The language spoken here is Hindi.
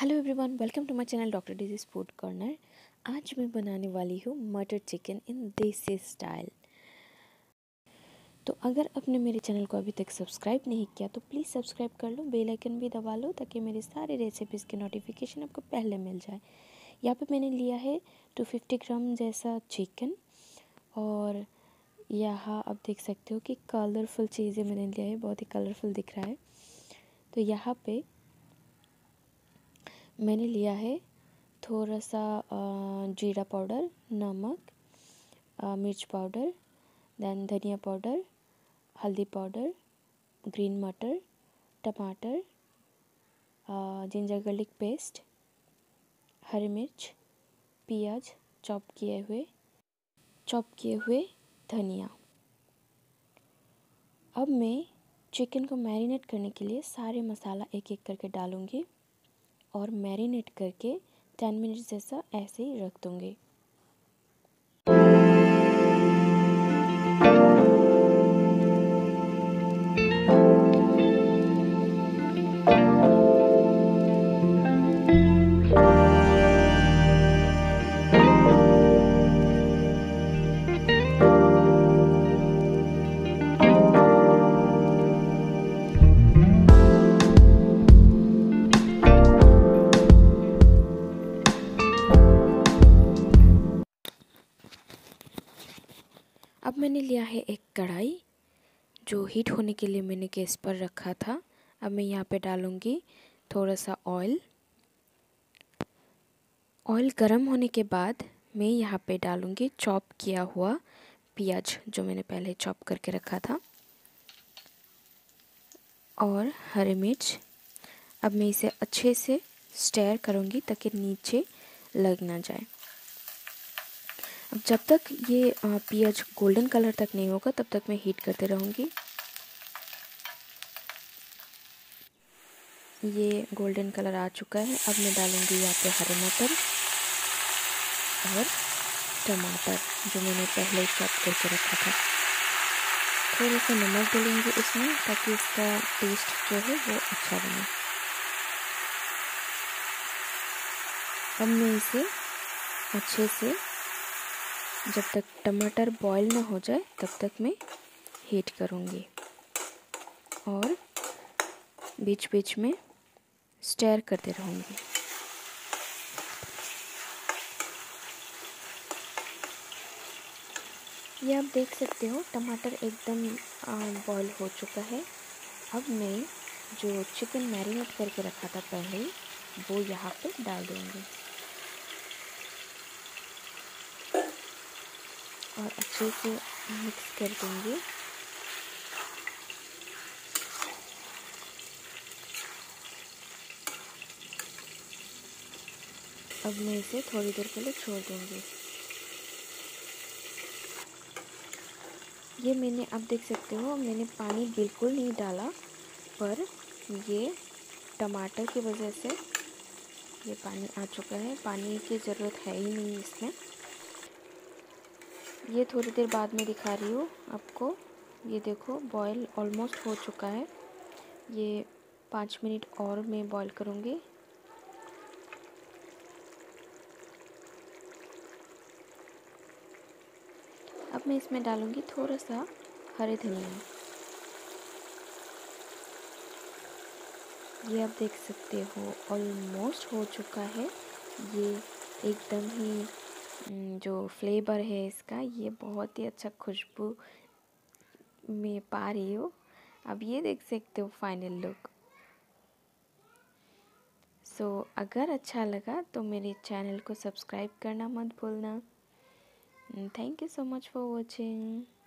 hello everyone welcome to my channel doctor disease food corner आज मैं बनाने वाली हूँ मटर चिकन इन देसी स्टाइल तो अगर आपने मेरे चैनल को अभी तक सब्सक्राइब नहीं किया तो प्लीज़ सब्सक्राइब कर लो बेल आइकन भी दबा लो ताकि मेरी सारी रेसिपीज़ के नोटिफिकेशन आपको पहले मिल जाए यहाँ पे मैंने लिया है टू फिफ्टी ग्राम जैसा चिकन और यहाँ आप देख सकते हो कि कलरफुल चीज़ें मैंने लिया है बहुत ही कलरफुल दिख रहा है तो यहाँ पर मैंने लिया है थोड़ा सा जीरा पाउडर नमक मिर्च पाउडर देन धनिया पाउडर हल्दी पाउडर ग्रीन मटर टमाटर जिंजर गार्लिक पेस्ट हरी मिर्च प्याज चॉप किए हुए चॉप किए हुए धनिया अब मैं चिकन को मैरिनेट करने के लिए सारे मसाला एक एक करके डालूँगी और मैरिनेट करके टेन मिनट्स जैसा ऐसे ही रख दूँगी अब मैंने लिया है एक कढ़ाई जो हीट होने के लिए मैंने गैस पर रखा था अब मैं यहाँ पे डालूँगी थोड़ा सा ऑयल ऑयल गर्म होने के बाद मैं यहाँ पे डालूँगी चॉप किया हुआ प्याज जो मैंने पहले चॉप करके रखा था और हरी मिर्च अब मैं इसे अच्छे से स्टेयर करूँगी ताकि नीचे लग ना जाए जब तक ये पीएच गोल्डन कलर तक नहीं होगा तब तक मैं हीट करते रहूँगी ये गोल्डन कलर आ चुका है अब मैं डालूँगी यहाँ पे हरे मटर और टमाटर जो मैंने पहले चॉप करके रखा था थोड़ा सा नमक डालेंगे इसमें ताकि इसका टेस्ट जो है वो अच्छा बने अब मैं इसे अच्छे से जब तक टमाटर बॉईल ना हो जाए तब तक मैं हीट करूँगी और बीच बीच में स्टेयर करते रहूँगी ये आप देख सकते हो टमाटर एकदम बॉईल हो चुका है अब मैं जो चिकन मैरिनेट करके रखा था पहले वो यहाँ पे डाल दूँगी और अच्छे से मिक्स कर देंगे अब मैं इसे थोड़ी देर के लिए छोड़ दूँगी ये मैंने आप देख सकते हो मैंने पानी बिल्कुल नहीं डाला पर ये टमाटर की वजह से ये पानी आ चुका है पानी की ज़रूरत है ही नहीं इसमें ये थोड़ी देर बाद में दिखा रही हूँ आपको ये देखो बॉयल ऑलमोस्ट हो चुका है ये पाँच मिनट और मैं बॉयल करूँगी अब मैं इसमें डालूँगी थोड़ा सा हरे धनिया ये आप देख सकते हो ऑलमोस्ट हो चुका है ये एकदम ही हम्म, जो फ्लेवर है इसका ये बहुत ही अच्छा खुशबू में पा रही हो अब ये देख सकते हो फाइनल लुक सो so, अगर अच्छा लगा तो मेरे चैनल को सब्सक्राइब करना मत भूलना thank you so much for watching